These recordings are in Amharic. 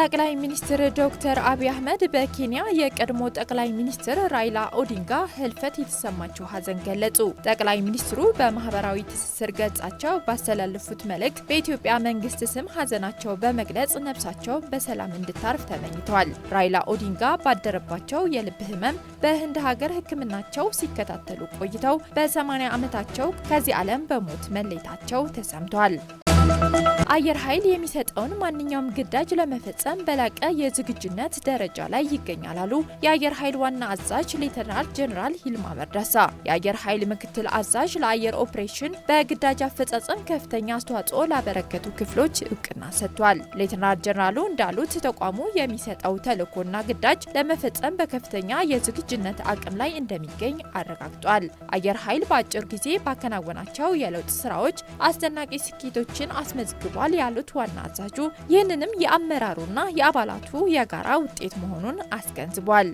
ጠቅላይ ሚኒስትር ዶክተር አብይ አህመድ በኬንያ የቀድሞ ጠቅላይ ሚኒስትር ራይላ ኦዲንጋ ህልፈት የተሰማቸው ሀዘን ገለጹ። ጠቅላይ ሚኒስትሩ በማህበራዊ ትስስር ገጻቸው ባስተላለፉት መልእክት በኢትዮጵያ መንግስት ስም ሀዘናቸው በመግለጽ ነፍሳቸው በሰላም እንድታርፍ ተመኝተዋል። ራይላ ኦዲንጋ ባደረባቸው የልብ ህመም በህንድ ሀገር ሕክምናቸው ሲከታተሉ ቆይተው በ80 ዓመታቸው ከዚህ ዓለም በሞት መለየታቸው ተሰምቷል። አየር ኃይል የሚሰጠውን ማንኛውም ግዳጅ ለመፈጸም በላቀ የዝግጁነት ደረጃ ላይ ይገኛል አሉ የአየር ኃይል ዋና አዛዥ ሌተናል ጀኔራል ሂልማ መርዳሳ። የአየር ኃይል ምክትል አዛዥ ለአየር ኦፕሬሽን በግዳጅ አፈጻጸም ከፍተኛ አስተዋጽኦ ላበረከቱ ክፍሎች እውቅና ሰጥቷል። ሌተናል ጀኔራሉ እንዳሉት ተቋሙ የሚሰጠው ተልዕኮና ግዳጅ ለመፈጸም በከፍተኛ የዝግጁነት አቅም ላይ እንደሚገኝ አረጋግጧል። አየር ኃይል በአጭር ጊዜ ባከናወናቸው የለውጥ ስራዎች አስደናቂ ስኬቶችን አስመዝግቧል ያሉት ዋና አዛዡ ይህንንም የአመራሩና የአባላቱ የጋራ ውጤት መሆኑን አስገንዝቧል።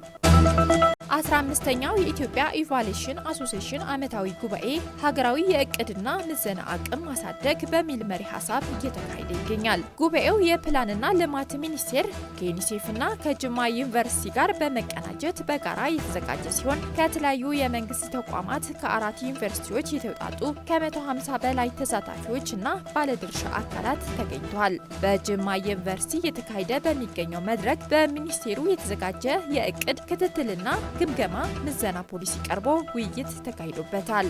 15ኛው የኢትዮጵያ ኢቫሉዌሽን አሶሴሽን ዓመታዊ ጉባኤ ሀገራዊ የእቅድና ምዘና አቅም ማሳደግ በሚል መሪ ሀሳብ እየተካሄደ ይገኛል። ጉባኤው የፕላንና ልማት ሚኒስቴር ከዩኒሴፍና ከጅማ ዩኒቨርሲቲ ጋር በመቀናጀት በጋራ የተዘጋጀ ሲሆን ከተለያዩ የመንግስት ተቋማት ከአራት ዩኒቨርሲቲዎች የተውጣጡ ከ150 በላይ ተሳታፊዎች እና ባለድርሻ አካላት ተገኝተዋል። በጅማ ዩኒቨርሲቲ እየተካሄደ በሚገኘው መድረክ በሚኒስቴሩ የተዘጋጀ የእቅድ ክትትልና ግምገማ፣ ምዘና ፖሊሲ ቀርቦ ውይይት ተካሂዶበታል።